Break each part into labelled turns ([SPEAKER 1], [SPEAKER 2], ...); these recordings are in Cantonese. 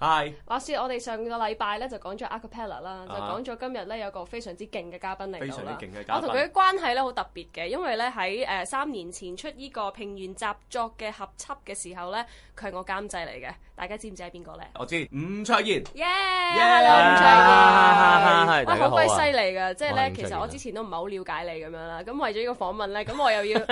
[SPEAKER 1] 係、啊，話説我哋上個禮拜咧、uh -huh. 就講咗 Acapella 啦，就講咗今日咧有個非常之勁嘅嘉賓嚟。非常之勁嘅我同佢嘅關係咧好特別嘅，因為咧喺三年前出呢個平原習作嘅合輯嘅時候咧，佢係我監製嚟嘅。大家知唔知係邊個咧？
[SPEAKER 2] 我知，吳卓賢。Yeah，
[SPEAKER 1] 係、yeah. 啦、yeah, yeah, uh, 啊，吳卓賢，啊啊啊、好鬼犀利㗎！即係咧，其實我之前都唔係好了解你咁樣啦。咁為咗呢個訪問咧，咁我又要去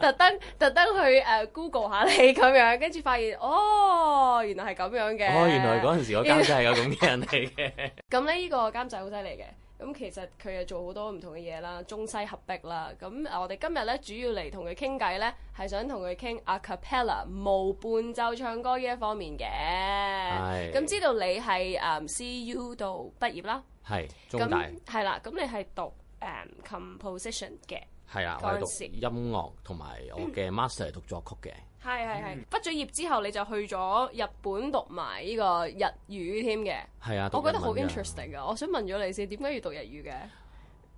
[SPEAKER 1] 特登特登去 Google 下你咁樣，跟住發現哦，原來係咁樣嘅。嗰陣時， 個監製係咁嘅人嚟嘅。咁呢依個監製好犀利嘅。咁其實佢又做好多唔同嘅嘢啦，中西合璧啦。咁我哋今日咧主要嚟同佢傾偈咧，係想同佢傾 a cappella 無伴奏唱歌呢一方面嘅。係。咁知道你係誒 CU 度畢業啦。
[SPEAKER 3] 係。咁
[SPEAKER 1] 係啦。咁你係讀誒 composition 嘅。
[SPEAKER 3] 係啊，我係讀音樂同埋、嗯、我嘅 master 係讀作曲嘅。
[SPEAKER 1] 係係係，畢咗業之後你就去咗日本讀埋呢個日語添嘅。係啊，我覺得好 interesting 啊！我想問咗你先，點解要讀日語嘅？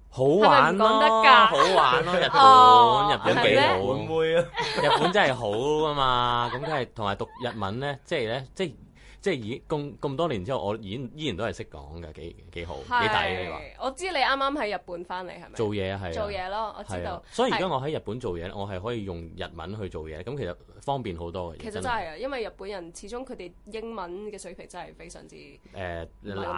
[SPEAKER 3] 好玩
[SPEAKER 4] 咯、啊，好玩咯，日本
[SPEAKER 3] 日本幾好，妹
[SPEAKER 4] 啊！日本、， 哦、日本，係日本真係
[SPEAKER 3] 好噶嘛，咁梗係同埋讀日文咧，即係咧，即係。即係已咁咁多年之後，我已經依然都係識講㗎，幾幾好幾抵嘅話。
[SPEAKER 1] 我知你啱啱喺日本翻嚟係咪？做
[SPEAKER 3] 嘢係做嘢咯，我知道。啊、所以而家我喺日本做嘢、啊、我係可以用日文去做嘢，咁其實方便好多嘅。其實真係啊，
[SPEAKER 1] 因為日本人始終佢哋英文嘅水平真係非常之誒、
[SPEAKER 3] 呃、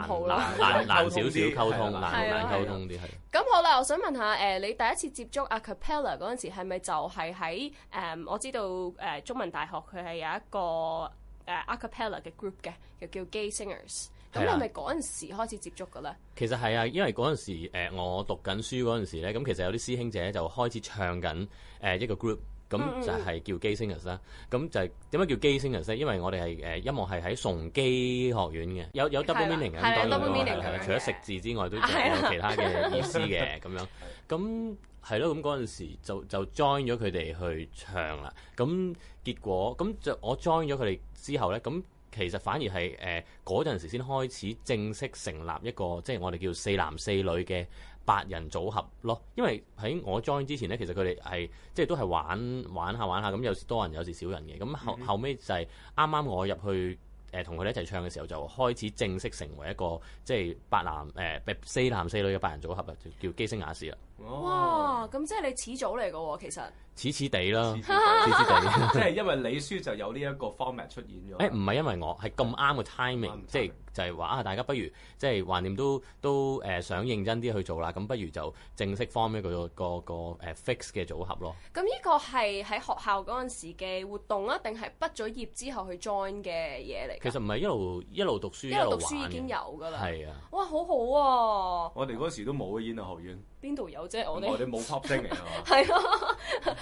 [SPEAKER 3] 好啦難少少溝通，難難溝通啲係。咁、
[SPEAKER 1] 啊啊啊啊啊啊、好啦，我想問下、呃、你第一次接觸 a cappella 嗰陣時係咪就係喺、呃、我知道、呃、中文大學佢係有一個。誒 acapella 嘅 group 嘅，又叫 gay singers、啊。咁你係咪嗰陣時開始接觸嘅咧？
[SPEAKER 3] 其實係啊，因為嗰陣時、呃、我讀緊書嗰陣時咧，咁其實有啲師兄姐就開始唱緊誒一個 group，咁就係叫 gay singers 啦、嗯。咁就係點解叫 gay singers 咧？因為我哋係誒音樂係喺崇基學院嘅，有有 double、啊、meaning 嘅，係啦係啦，除咗食字之外，都仲有其他嘅意思嘅咁、啊、 樣咁。係咯，咁嗰陣時就就 join 咗佢哋去唱啦。咁結果咁就我 join 咗佢哋之後呢，咁其實反而係誒嗰陣時先開始正式成立一個，即係我哋叫四男四女嘅八人組合咯。因為喺我 join 之前呢，其實佢哋係即係都係玩玩下玩下，咁有時多人有時少人嘅。咁後、嗯、後尾就係啱啱我入去誒同佢哋一齊唱嘅時候，就開始正式成為一個即係八男誒、呃、四男四女嘅八人組合啦，就叫基星雅士啦。
[SPEAKER 1] 哇！咁即係你始祖嚟噶喎，其實。
[SPEAKER 3] 似似哋啦，
[SPEAKER 1] 似
[SPEAKER 2] 似哋，即係 因為你書就有呢一個 form 出現咗。誒、欸，
[SPEAKER 3] 唔係因為我係咁啱嘅 timing，即係就係話啊，大家不如即係橫掂都都誒想認真啲去做啦，咁不如就正式 form 一個一個一個誒 fix 嘅組合咯。
[SPEAKER 1] 咁呢個係喺學校嗰陣時嘅活動啊，定係畢咗業之後去 join 嘅嘢嚟？
[SPEAKER 2] 其實唔係一路一路讀，讀書一路一路讀書一路玩嘅已經有
[SPEAKER 1] 噶啦。係啊。哇，好好啊！
[SPEAKER 2] 我哋嗰時都冇嘅，演藝學院。
[SPEAKER 1] 邊度有啫？我哋我哋冇 pop singing 係嘛？係咯，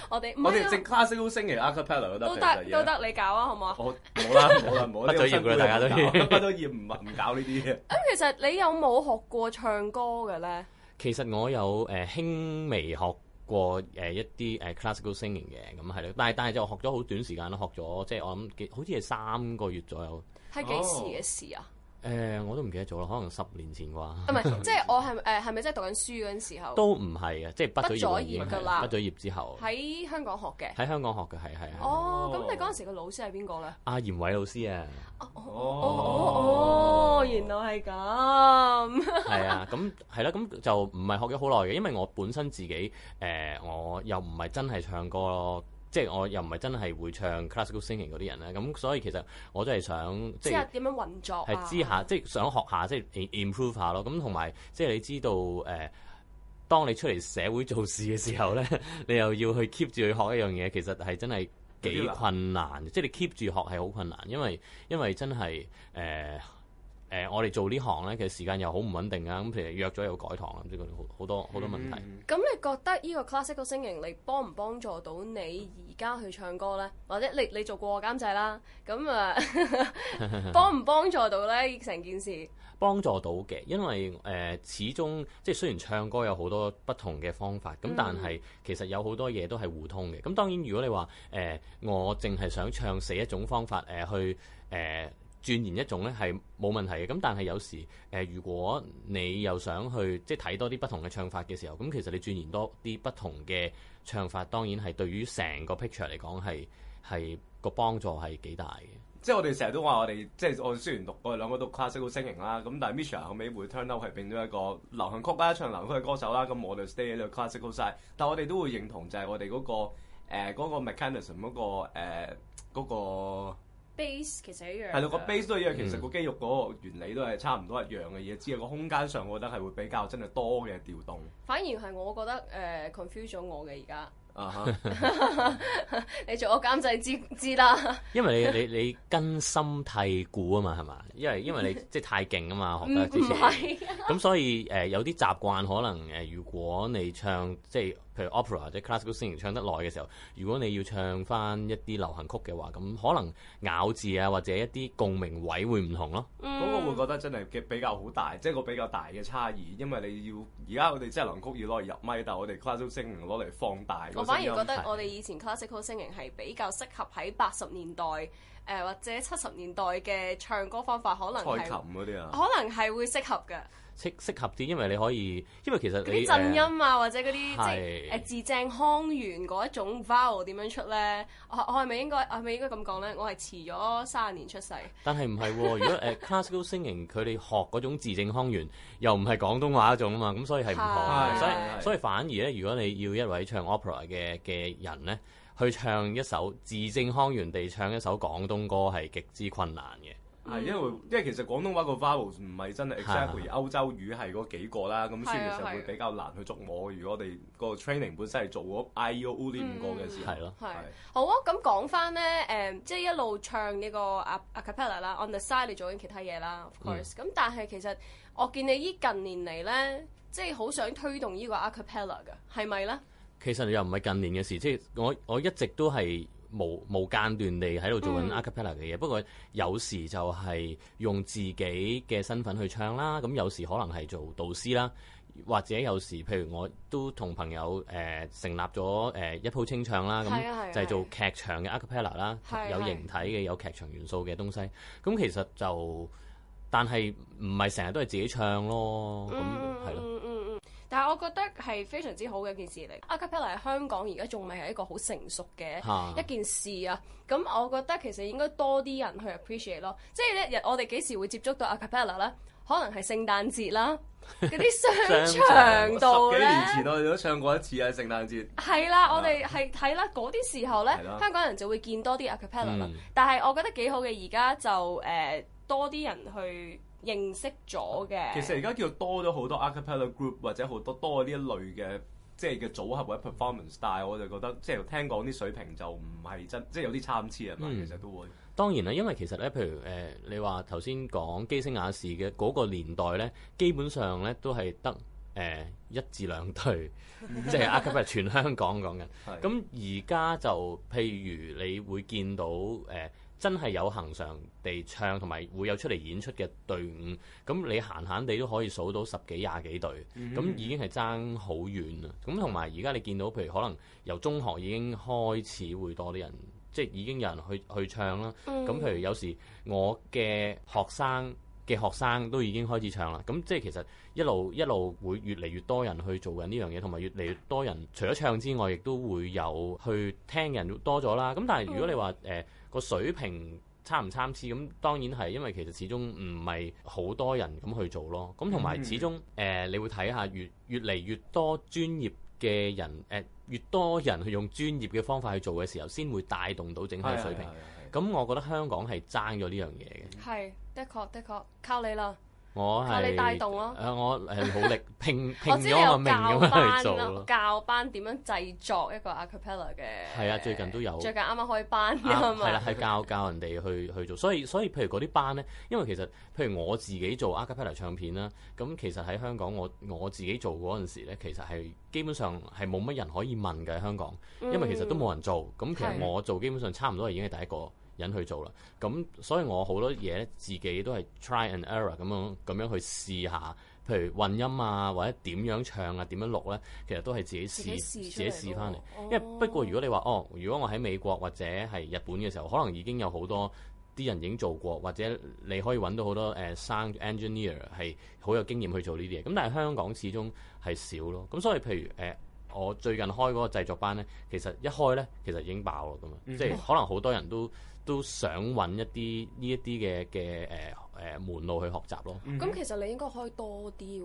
[SPEAKER 1] 我哋我哋
[SPEAKER 2] classical singing、acapella 都得，都得，
[SPEAKER 1] 你搞 啊，好唔好
[SPEAKER 2] 好，冇 啦 我們，我冇，不
[SPEAKER 3] 專業啦，大家都
[SPEAKER 1] 都都
[SPEAKER 2] 厭，唔唔搞呢啲。
[SPEAKER 1] 咁其實你有冇學過唱歌嘅咧？
[SPEAKER 3] 其實我有誒、呃、輕微學過誒、呃、一啲誒、呃、classical singing 嘅，咁係咯，但係但係就我學咗好短時間啦，學咗即係我諗好似係三個月左右。
[SPEAKER 1] 係 幾、呃、時嘅事啊？
[SPEAKER 3] 誒、欸，我都唔記得咗啦，可能十年前啩。唔係，即係
[SPEAKER 1] 我係誒，係咪真係讀緊書嗰陣時候？都
[SPEAKER 3] 唔係嘅，即係畢咗業的時候已經畢咗業,業之後。
[SPEAKER 1] 喺香港學嘅。喺
[SPEAKER 3] 香港學嘅，係係
[SPEAKER 1] 哦，咁、哦、你嗰陣時個老師係邊個咧？
[SPEAKER 3] 阿、啊、嚴偉老師啊。哦哦哦,
[SPEAKER 1] 哦,哦,哦，原來係咁。係 啊，
[SPEAKER 3] 咁係啦，咁、啊、就唔係學咗好耐嘅，因為我本身自己、呃、我又唔係真係唱歌咯。即係我又唔係真係會唱 classical singing 嗰啲人咧，咁所以其實我都係想即係
[SPEAKER 1] 點樣運作係、啊、知下，
[SPEAKER 3] 即係想學下即係 improve 下咯。咁同埋即係你知道誒、呃，當你出嚟社會做事嘅時候咧， 你又要去 keep 住去學一樣嘢，其實係真係幾困難。即係你 keep 住學係好困難，因為因為真係誒。呃誒、呃，我哋做這行呢行咧，其實時間又好唔穩定啊！咁譬如約咗又改堂啊，咁即係好多好多問題。
[SPEAKER 1] 咁、嗯、你覺得呢個 classical 聲型，你幫唔幫助到你而家去唱歌咧？或者你你做過我監製啦，咁啊，
[SPEAKER 3] 幫
[SPEAKER 1] 唔幫助到咧成件事？
[SPEAKER 3] 幫助到嘅，因為誒、呃，始終即係雖然唱歌有好多不同嘅方法，咁但係其實有好多嘢都係互通嘅。咁當然，如果你話誒、呃，我淨係想唱死一種方法誒、呃，去誒。呃鑽研一種咧係冇問題嘅，咁但係有時、呃、如果你又想去即係睇多啲不同嘅唱法嘅時候，咁其實你鑽研多啲不同嘅唱法，當然係對於成個 picture 嚟講係係個幫助係幾大嘅。
[SPEAKER 2] 即係我哋成日都話我哋即係我雖然讀過兩個都 classical 聲型啦，咁但係 Micheal 後尾會 turn up 係變係變咗一個流行曲家唱流行嘅歌手啦。咁我哋 stay 喺度 classical side，但係我哋都會認同就係我哋嗰、嗰個嗰、呃嗰個 mechanism 嗰個嗰個。呃嗰個
[SPEAKER 1] base 其實是一樣的是的，係咯，個
[SPEAKER 2] base 都一樣的，其實個肌肉嗰個原理都係差唔多一樣嘅嘢，嗯、只係個空間上，我覺得係會比較真係多嘅調動。
[SPEAKER 1] 反而係我覺得誒、呃、confuse 咗我嘅而家。啊 你做我監製知知啦。
[SPEAKER 3] 因為你你你根深蒂固啊嘛，係嘛？因為因為你即係太勁啊嘛，學得之
[SPEAKER 1] 前。唔係啊。
[SPEAKER 3] 咁所以誒、呃，有啲習慣可能誒、呃，如果你唱即係。譬如 opera 或者 classical singing 唱得耐嘅時候，如果你要唱翻一啲流行曲嘅話，咁可能咬字啊或者一啲共鳴位會唔同
[SPEAKER 2] 咯。嗯，嗰、那個會覺得真係嘅比較好大，即、就、係、是、個比較大嘅差異，因為你要而家我哋即係流行曲要攞嚟入咪，但係我哋 classical singing 攞嚟放大。我反而覺得我
[SPEAKER 1] 哋以前 classical singing 係比較適合喺八十年代誒、呃、或者七十年代嘅唱歌方法，可能蔡琴嗰啲啊，可能係會適合㗎。
[SPEAKER 3] 適適合啲，因為你可以，因為其實嗰啲震音
[SPEAKER 1] 啊，呃、或者嗰啲即係誒字正腔圓嗰一種 vowel 點樣出咧？我我係咪應該我係咪應該咁講咧？我係遲咗三十年出世。
[SPEAKER 3] 但係唔係喎？如果誒 classical singing 佢哋學嗰種字正腔圓，又唔係廣東話一種啊嘛，咁所以係唔同。所以所以反而咧，如果你要一位唱 opera 嘅嘅人咧，去唱一首字正腔圓地唱一首廣東歌，係極之困難嘅。
[SPEAKER 1] 係，因為因
[SPEAKER 2] 為其實廣東話個 vowel 唔係真係 exactly 歐洲語係嗰幾個啦，咁所以其實會比較難去捉摸。如果我哋個 training 本身係做嗰 I O U 呢五個嘅事，係咯。係
[SPEAKER 1] 好啊，咁講翻咧，誒，即係一路唱呢個阿 acapella 啦，on the side 你做緊其他嘢啦，of course。咁但係其實我見你呢近年嚟咧，即係好想推動呢個 acapella 㗎，係咪咧？
[SPEAKER 3] 其實你又唔係近年嘅事，即係我我一直都係。無無間斷地喺度做緊 a cappella 嘅嘢，嗯，不過有時就係用自己嘅身份去唱啦。咁有時可能係做導師啦，或者有時譬如我都同朋友誒、呃、成立咗誒、呃、一鋪清唱啦。咁就係做劇場嘅 a cappella 啦，啊啊啊，有形體嘅有劇場元素嘅東西。咁其實就，但係唔係成日都係自己唱咯。咁係咯。嗯。
[SPEAKER 1] 但係我覺得係非常之好嘅一件事嚟，acapella 喺香港而家仲未係一個好成熟嘅一件事啊！咁、啊、我覺得其實應該多啲人去 appreciate 咯，即、就、係、是、一日我哋幾時會接觸到 acapella 咧？可能係聖誕節啦，嗰 啲商場度咧。啊、幾年前
[SPEAKER 2] 我哋都唱過一次啊，聖誕節。
[SPEAKER 1] 係啦，我哋係睇啦，嗰啲時候咧，香港人就會見多啲 acapella 啦。嗯、但係我覺得幾好嘅，而家就、呃、多啲人去。認識咗嘅，其實
[SPEAKER 2] 而家叫多咗好多 a cappella group 或者好多多呢一類嘅，即係嘅組合或者 performance，但係我就覺得即係聽講啲水平就唔係真，即係有啲參差啊嘛、嗯，其實都會。
[SPEAKER 3] 當然啦，因為其實咧，譬如、呃、你話頭先講姬聲雅士嘅嗰個年代咧，基本上咧都係得、呃、一至兩隊即係 a cappella 全香港講嘅。咁而家就譬如你會見到、呃真係有恆常地唱，同埋會有出嚟演出嘅隊伍。咁你閒閒地都可以數到十幾廿幾隊。咁、mm. 已經係爭好遠啦。咁同埋而家你見到，譬如可能由中學已經開始會多啲人，即係已經有人去去唱啦。咁、mm. 譬如有時我嘅學生嘅學生都已經開始唱啦。咁即係其實一路一路會越嚟越多人去做緊呢樣嘢，同埋越嚟越多人除咗唱之外，亦都會有去聽嘅人多咗啦。咁但係如果你話誒、個水平參唔參差，咁當然係，因為其實始終唔係好多人咁去做咯。咁同埋始終，誒、呃，你會睇下越越嚟越多專業嘅人，誒、呃，越多人去用專業嘅方法去做嘅時候，先會帶動到整體嘅水平。咁我覺得香港係爭咗呢樣嘢嘅。
[SPEAKER 1] 係的確的確，靠你啦！我係，誒、啊啊呃、我
[SPEAKER 3] 係努力拼拼咗個命咁樣去做
[SPEAKER 1] 教班，點樣製作一個 a cappella 嘅？
[SPEAKER 3] 係啊，最近都有。最
[SPEAKER 1] 近啱啱開班啊係啦、啊啊，係
[SPEAKER 3] 教教人哋去去做。所以所以，譬如嗰啲班咧，因為其實譬如我自己做 a cappella 唱片啦，咁其實喺香港我我自己做嗰陣時咧，其實係基本上係冇乜人可以問嘅喺香港，因為其實都冇人做。咁其實我做基本上差唔多已經係第一個。嗯嗯人去做啦，咁所以我好多嘢咧，自己都係 try and error 咁樣咁樣去試下，譬如混音啊，或者點樣唱啊，點樣錄呢，其實都係自己試，自己試翻嚟。哦、因為不過如果你話哦，如果我喺美國或者係日本嘅時候，可能已經有好多啲人已經做過，或者你可以揾到好多、呃、sound engineer 係好有經驗去做呢啲嘢。咁但係香港始終係少咯，咁所以譬如、呃、我最近開嗰個製作班呢，其實一開呢，其實已經爆咯咁樣，即、嗯、係可能好多人都～都想揾一啲呢一啲嘅嘅誒誒門路去學習咯、嗯。咁
[SPEAKER 1] 其實你應該開多啲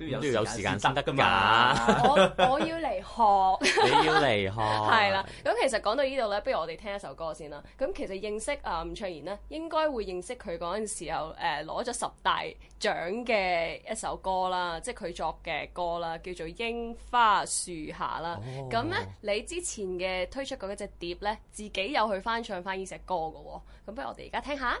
[SPEAKER 3] 都要有時間先得㗎嘛 我！我我要
[SPEAKER 1] 嚟學， 你要嚟來學。 係啦，咁其實講到呢度咧，不如我哋聽一首歌先啦。咁其實認識啊吳卓賢呢，應該會認識佢嗰陣時候誒攞咗十大獎嘅一首歌啦，即係佢作嘅歌啦，叫做《櫻花樹下》啦。咁、oh，咧，你之前嘅推出過一隻碟咧，自己有去翻唱翻呢隻歌㗎喎。咁不如我哋而家聽下。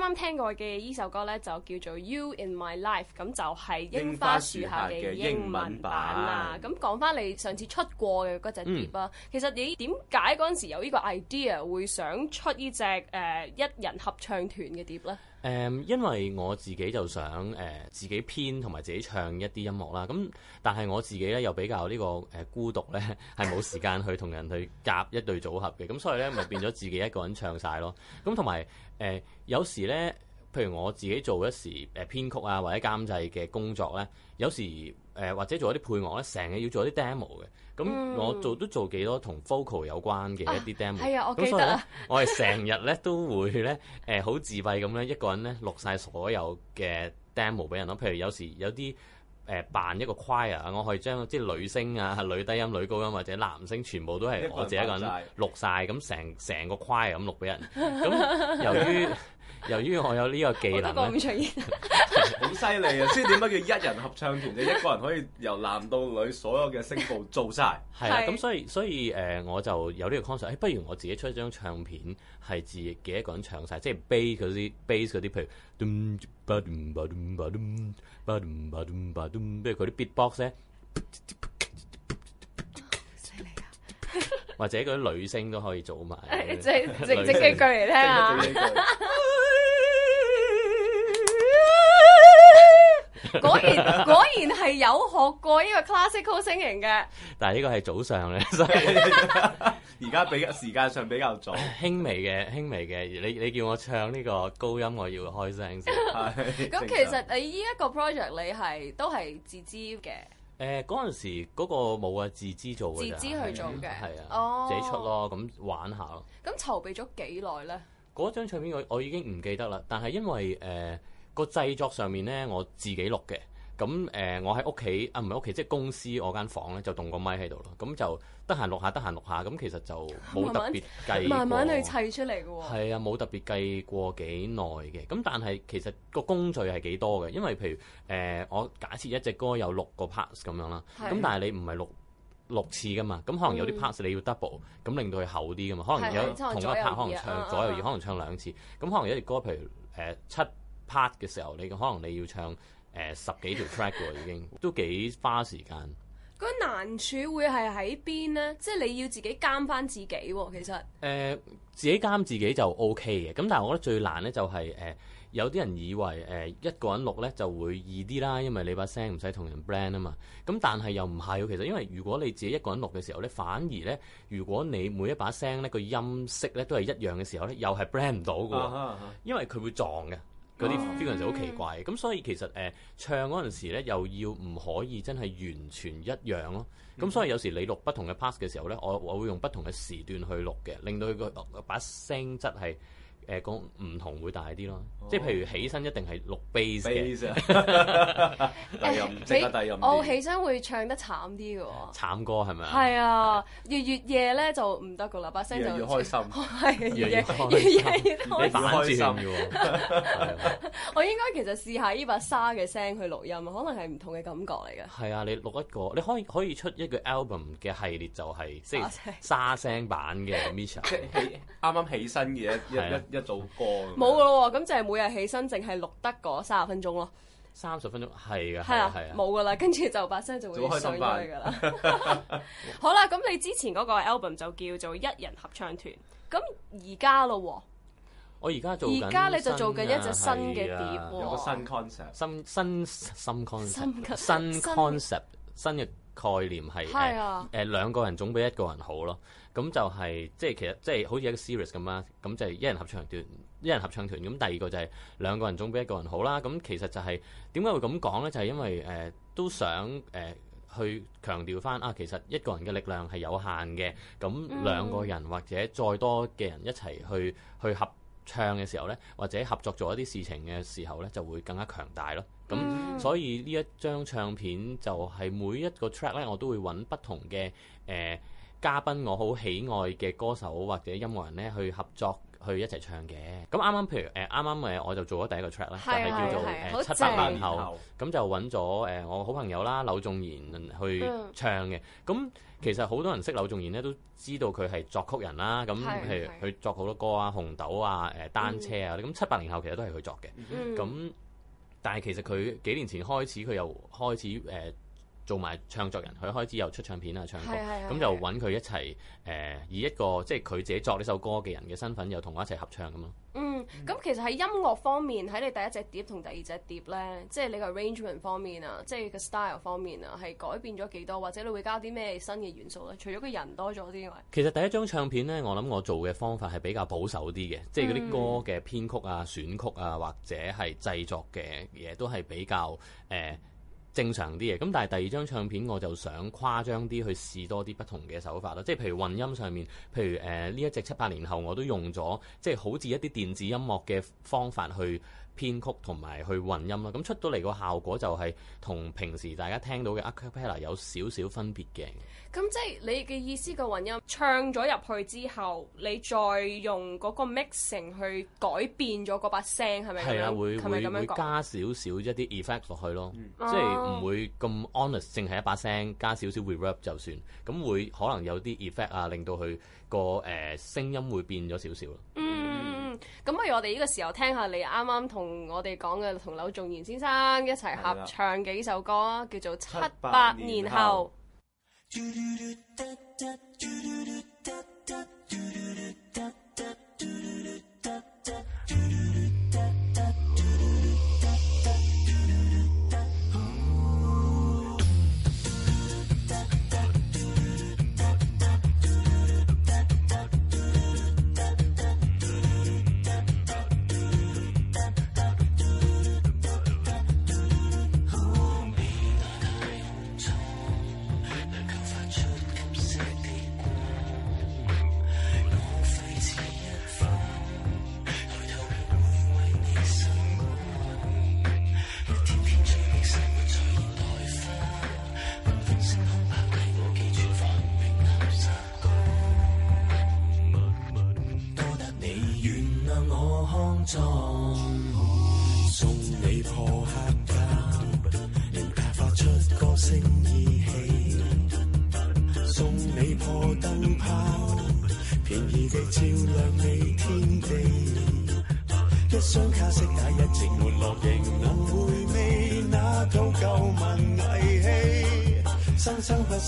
[SPEAKER 1] 啱啱聽過嘅呢首歌呢，就叫做《You in My Life》，咁就係櫻花樹下嘅英
[SPEAKER 2] 文版啦。咁
[SPEAKER 1] 講翻你上次出過嘅嗰隻碟啦，其實你點解嗰陣時有呢個 idea 會想出呢隻誒一人合唱團嘅碟呢？
[SPEAKER 3] 嗯、因為我自己就想、呃、自己編同埋自己唱一啲音樂啦，咁但係我自己咧又比較呢個、呃、孤獨咧，係 冇時間去同人去夾一隊組合嘅，咁所以咧咪變咗自己一個人唱晒咯。咁同埋誒有時咧，譬如我自己做一時誒編曲啊或者監製嘅工作咧，有時誒、呃、或者做一啲配樂咧，成日要做一啲 demo 嘅。咁我做、嗯、都做幾多同 vocal 有關嘅一啲 demo，咁、啊啊、所以咧， 我係成日咧都會咧，誒好自閉咁咧，一個人咧錄晒所有嘅 demo 俾人咯。譬如有時有啲誒、呃、扮一個 choir，我可以將即係女聲啊、女低音、女高音或者男聲，全部都係我自己一個人錄晒，咁 成成個 choir 咁錄俾人。
[SPEAKER 5] 咁由於
[SPEAKER 3] 由於我有呢個
[SPEAKER 2] 技能，好犀利啊！所以點解叫一人合唱團啫？ 一個人可以由男到女，所有嘅聲部做晒！係 咁、啊、所以所以、呃、我就有呢個 concept、
[SPEAKER 3] 欸。不如我自己出一張唱片，係自己一個人唱晒，即、就、係、是、base 嗰啲，base 嗰啲，譬如嗰啲 beatbox 呢，真係犀利。 或者嗰啲女聲都可以做埋，
[SPEAKER 1] 即即即幾句嚟聽下
[SPEAKER 5] 。
[SPEAKER 3] 果然果
[SPEAKER 1] 然係有學過呢個 classical 聲型嘅。
[SPEAKER 3] 但係呢個係早上咧，所以而家 比較時間上比較早，輕微嘅輕微嘅。你你叫我唱呢個高音，我要開聲先。咁 其實
[SPEAKER 1] 你依一個 project，你係都係自知嘅。
[SPEAKER 3] 誒嗰陣時嗰個冇啊，自資做嘅，自資去做嘅，係啊，oh。自己出咯，咁玩下咯。
[SPEAKER 1] 咁籌備咗幾耐咧？
[SPEAKER 3] 嗰張唱片我我已經唔記得啦，但係因為誒個、呃、製作上面咧，我自己錄嘅。咁、呃、我喺屋企啊，唔係屋企，即係公司我間房咧，就動個麥喺度咯。咁就得閒錄下，得閒錄下。咁其實就冇特別計慢慢去砌
[SPEAKER 1] 出嚟嘅
[SPEAKER 3] 喎。係啊，冇特別計過幾耐嘅。咁、哦啊、但係其實個工序係幾多嘅？因為譬如、呃、我假設一隻歌有六個 part 咁樣啦。咁但係你唔係錄六次㗎嘛？咁可能有啲 part 你要 double，咁令到佢厚啲嘅嘛？可能有同一 part 可能唱左右耳，右可能唱兩次。咁、啊啊、可能一隻歌譬如誒、呃、七 part 嘅時候，你可能你要唱。誒、呃、十幾條 track 喎，已經 都幾花時間。
[SPEAKER 1] 個難處會係喺邊呢？即係你要自己監返自己喎、啊。其實
[SPEAKER 3] 誒、呃、自己監自己就 OK 嘅。咁但係我覺得最難呢、就是，就係誒有啲人以為誒、呃、一個人錄呢就會易啲啦，因為你把聲唔使同人 blend 啊嘛。咁但係又唔係喎。其實因為如果你自己一個人錄嘅時候呢，反而呢，如果你每一把聲呢個音色呢都係一樣嘅時候呢，又係 blend 唔到嘅，uh -huh, uh -huh. 因為佢會撞嘅。嗰啲 feel 時好奇怪咁、oh. 所以其實、呃、唱嗰陣時咧又要唔可以真係完全一樣咯、啊，咁所以有時你錄不同嘅 pass 嘅時候咧，我我會用不同嘅時段去錄嘅，令到佢個把聲質係。誒講唔同會大啲咯，哦、即係譬如起身一定係錄 bass
[SPEAKER 1] 嘅、啊 欸。我起身會唱得慘啲嘅喎。
[SPEAKER 3] 慘歌係咪啊？係
[SPEAKER 1] 啊，越越夜咧就唔得嘅啦，把聲就越開心。係越夜越越開心，哦啊、 開心開心你反轉嘅喎。 是啊、 我應該其實試下呢把沙嘅聲去錄音， 可能係唔同嘅感覺嚟嘅。
[SPEAKER 3] 係啊，你錄一個，你可以可以出一個 album 嘅系列、就是，就係即係沙聲版嘅
[SPEAKER 2] Micha，啱啱 起身嘅一一。做歌冇噶
[SPEAKER 1] 咯喎，咁就係每日起身淨係錄得嗰三十分鐘咯。
[SPEAKER 2] 三十分鐘係噶，係啊，冇
[SPEAKER 1] 噶啦，跟住就把聲就會上咗。開 好㗎啦。好啦，咁你之前嗰個 album 就叫做一人合唱團，咁而家咯喎，
[SPEAKER 3] 我而家做緊，而家你就做緊一隻新嘅碟喎。新 concept，新新 concept，新 concept，新嘅概念係，係啊，誒、uh, uh, 兩個人總比一個人好咯。咁就係、是、即係其實即係好似一個 series 咁啦，咁就係一人合唱團，一人合唱團。咁第二個就係兩個人總比一個人好啦。咁其實就係點解會咁講呢？就係、是、因為、呃、都想、呃、去強調返啊，其實一個人嘅力量係有限嘅。咁兩個人或者再多嘅人一齊去去合唱嘅時候呢，或者合作做一啲事情嘅時候呢，就會更加強大咯。咁所以呢一張唱片就係每一個 track 呢，我都會揾不同嘅誒嘉賓我，我好喜愛嘅歌手或者音樂人咧，去合作去一齊唱嘅。咁啱啱，譬如啱啱誒，呃、啱啱我就做咗第一個 track 就係、是、叫做七百年後。咁就揾咗、呃、我好朋友啦，柳仲賢去唱嘅。咁、嗯、其實好多人識柳仲賢咧，都知道佢係作曲人啦。咁譬如佢作好多歌啊，紅豆啊，誒、呃、單車啊，咁七百年後其實都係佢作嘅。咁、嗯、但係其實佢幾年前開始，佢又開始、呃做埋唱作人，佢開始又出唱片啊，唱歌，咁就揾佢一齊、呃、以一個即係佢自己作呢首歌嘅人嘅身份，又同我一齊合唱咁咯。嗯，
[SPEAKER 1] 咁其實喺音樂方面，喺你第一隻碟同第二隻碟咧，即係你個 arrangement 方面啊，即係個 style 方面啊，係改變咗幾多，或者你會加啲咩新嘅元素咧？除咗佢人多咗啲之外，
[SPEAKER 3] 其實第一張唱片咧，我諗我做嘅方法係比較保守啲嘅，即係嗰啲歌嘅編曲啊、選曲啊，或者係製作嘅嘢都係比較、呃正常啲嘅，咁但係第二張唱片我就想誇張啲去試多啲不同嘅手法啦，即係譬如混音上面，譬如誒呢、呃、一隻《七八年後》，我都用咗即係好似一啲電子音樂嘅方法去。編曲同埋去混音啦，咁出到嚟個效果就係同平時大家聽到嘅 a cappella 有少少分別嘅。咁
[SPEAKER 1] 即係你嘅意思，個混音唱咗入去之後，你再用嗰個 mixing 去改變咗嗰把聲，係咪？係啊，是是會會會加
[SPEAKER 3] 少少一啲 effect 落去咯，嗯、即係唔會咁 honest，淨係一把聲加少少 reverb 就算，咁會可能有啲 effect 啊，令到佢、嗰個誒、呃、聲音會變咗少少咯。嗯。
[SPEAKER 1] 咁不如我哋呢個時候聽下你啱啱同我哋講嘅同柳仲賢先生一齊合唱嘅呢首歌，叫做七百年後。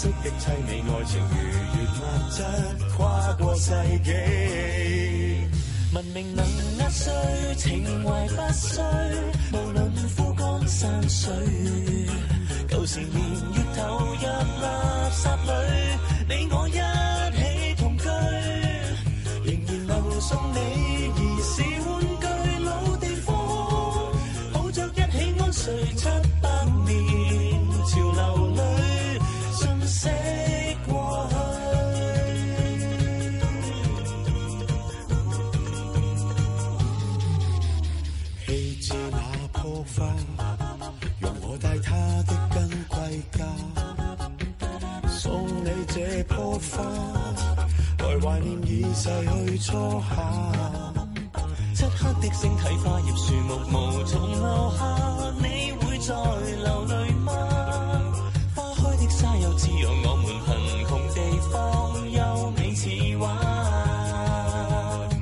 [SPEAKER 4] 色的淒美，愛情逾越物質跨過世紀，文明能壓碎，情懷不衰，無論枯乾山水，舊時年月投入垃圾裏，你我一起同居，仍然留送你兒時玩具，老地方，抱着一起安睡。初夏，漆黑的星體，花葉樹木無從留下，你會再流淚嗎？花開的沙丘滋養我們貧窮地方，優美似畫。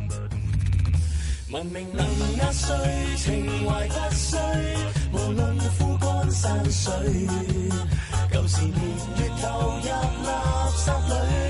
[SPEAKER 4] 文明能壓碎，情懷不衰，無論枯乾山水，舊時年月投入垃圾裡。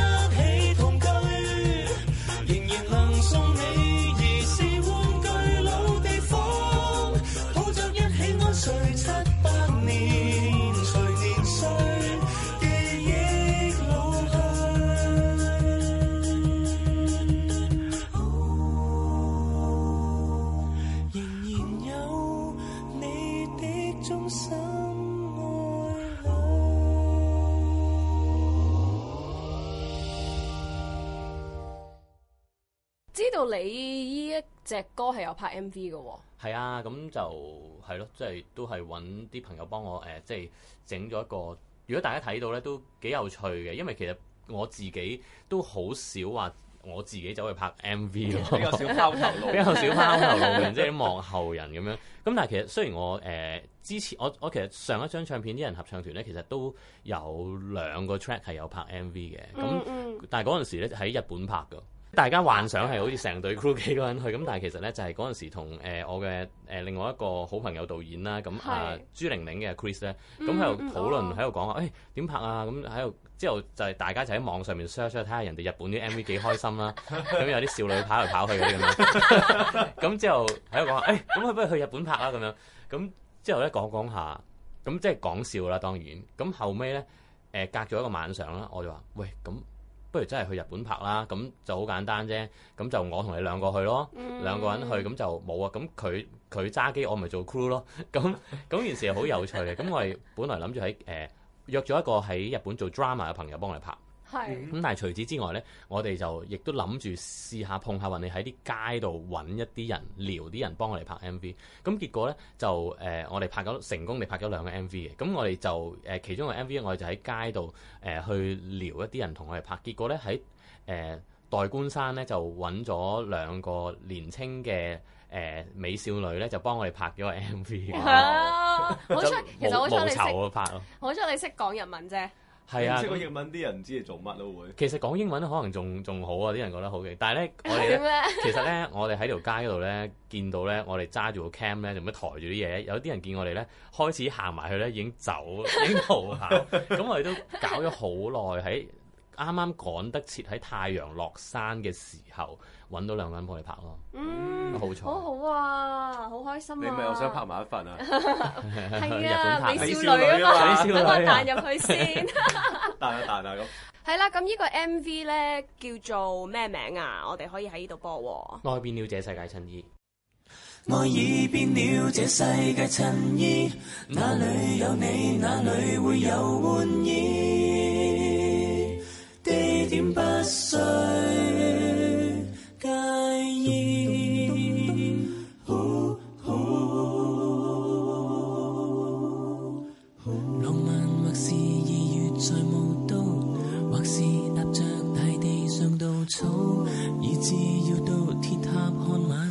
[SPEAKER 1] 拍 M V 嘅喎，
[SPEAKER 3] 哦，係啊，咁就係咯，即係、就是，都係搵啲朋友幫我誒，即係整咗一個。如果大家睇到咧，都幾有趣嘅，因為其實我自己都好少話我自己走去拍 M V 咯，比較少拋頭露，比較少拋頭露，即係幕後人咁樣。咁但係其實雖然我誒之前我我其實上一張唱片一人合唱團咧，其實都有兩個 track 係有拍 M V 嘅。咁，嗯嗯，但係嗰陣時咧喺日本拍嘅。大家幻想係好似成隊 crew 幾個人去，咁但係其實咧就係嗰陣時同誒我嘅誒另外一個好朋友導演啦，咁啊朱玲玲嘅 Chris 咧、嗯，咁喺度討論喺度講話，誒點、哎、拍啊，咁喺度之後就係大家就喺網上面 search 出嚟睇下人哋日本啲 MV 幾開心啦，咁 有啲少女跑嚟跑去嗰啲咁，咁 之後喺度講話，誒咁佢不如去日本拍啦、啊、咁樣，咁之後咧講講下，咁即係講笑啦當然，咁後尾咧誒隔咗一個晚上啦，我就話喂咁。不如真係去日本拍啦，咁就好簡單啫。咁就我同你兩個去咯，嗯、兩個人去咁就冇啊。咁佢佢揸機，我咪做 crew 咯。咁咁件事好有趣嘅。咁 我哋本來諗住喺誒約咗一個喺日本做 drama 嘅朋友幫我哋拍。咁、嗯、但係除此之外咧，我哋就亦都諗住試、試碰下碰下運，你喺啲街度揾一啲人聊，啲人幫我哋拍 M V。咁結果咧就誒、呃，我哋拍咗成功，你拍咗兩個 M V 嘅。咁我哋就誒，其中個 M V 我哋就喺街度誒、呃、去聊一啲人同我哋拍。結果咧喺誒代官山咧，就揾咗兩個年青嘅誒美少女咧，就幫我哋拍咗個 M V。係
[SPEAKER 1] 好彩， 其實好彩你識，好彩你識講日文啫。
[SPEAKER 3] 係啊，即係講英
[SPEAKER 2] 文啲人唔知你做乜咯會。
[SPEAKER 3] 其實講英文可能仲仲好啊，啲人覺得好嘅。但係咧，我哋咧，其實咧，我哋喺條街嗰度咧，見到咧，我哋揸住個 cam 咧，做咩抬住啲嘢？有啲人見我哋咧，開始行埋去咧，已經走，已經逃走。咁 我哋都搞咗好耐喺。啱啱趕得切喺太陽落山嘅時候揾到兩個人陪你拍咯，嗯
[SPEAKER 1] 好彩，好好啊，好開心啊！你咪又想拍埋一份啊？係 啊，啊，美少女啊嘛，等、啊、我彈入去先，
[SPEAKER 5] 彈啊彈啊咁。
[SPEAKER 1] 係啦、啊，咁 呢個 M V 咧叫做咩名啊？我哋可以喺呢度播喎。
[SPEAKER 3] 愛變了這世界襯衣，愛已
[SPEAKER 4] 變了這世界襯衣，哪、嗯、裏有你，哪裏會有歡意。地點不需介意，好，浪漫或是二月在霧都，或是踏着大地上稻草，以至要到鐵塔看晚。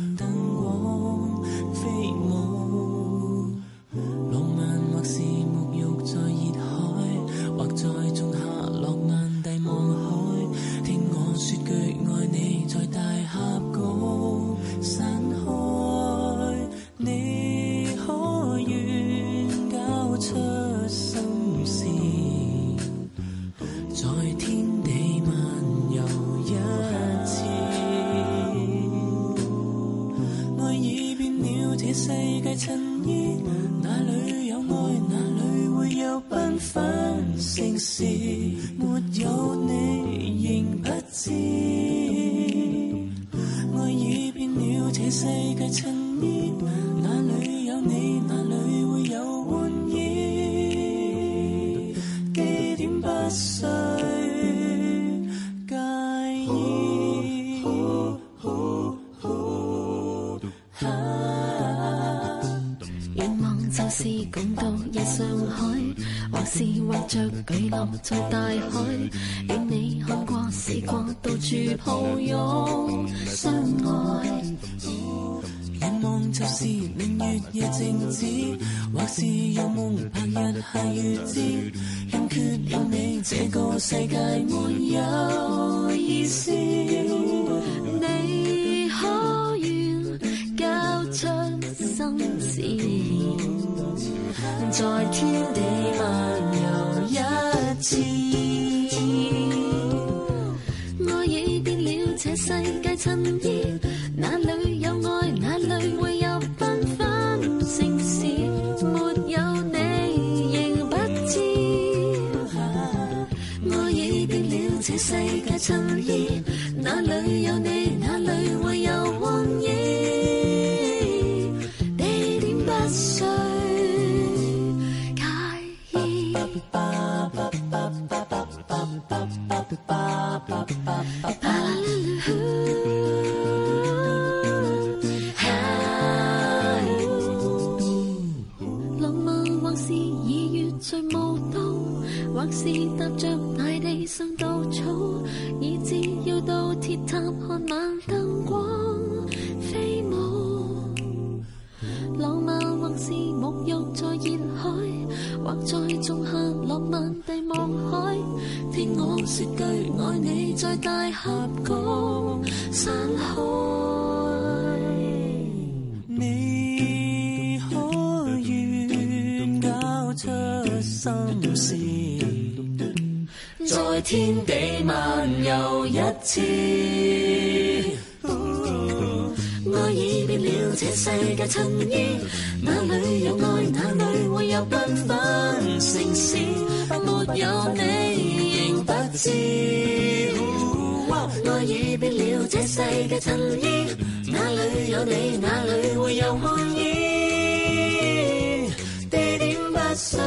[SPEAKER 4] 不願、啊、
[SPEAKER 5] 願望就是共渡日上海，或是划着巨浪在大海，與你看過、試過，到處
[SPEAKER 4] 抱擁相愛。願望就是令月夜靜止，或是有夢盼日下遇見沒有你，這個世界沒有意思。
[SPEAKER 5] 這世界襯衣，哪裡有你，哪裡會有荒野。
[SPEAKER 4] 在天地漫遊一次，愛已變了這世界襯衣，哪裏有愛，哪裏會有繽紛城市，沒有你仍不知。愛已變了這世界襯衣，哪裏有你，哪裏會有愛意，地點不需。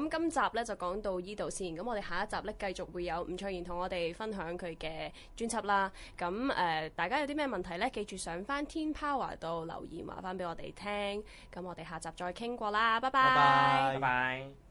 [SPEAKER 1] 咁今集咧就講到依度先，咁我哋下一集咧繼續會有吳卓賢同我哋分享佢嘅專輯啦。咁、呃、大家有啲咩問題咧，記住上翻天 Power 度留言話翻俾我哋聽。咁我哋下集再傾過啦，拜拜。拜
[SPEAKER 5] 拜。拜拜。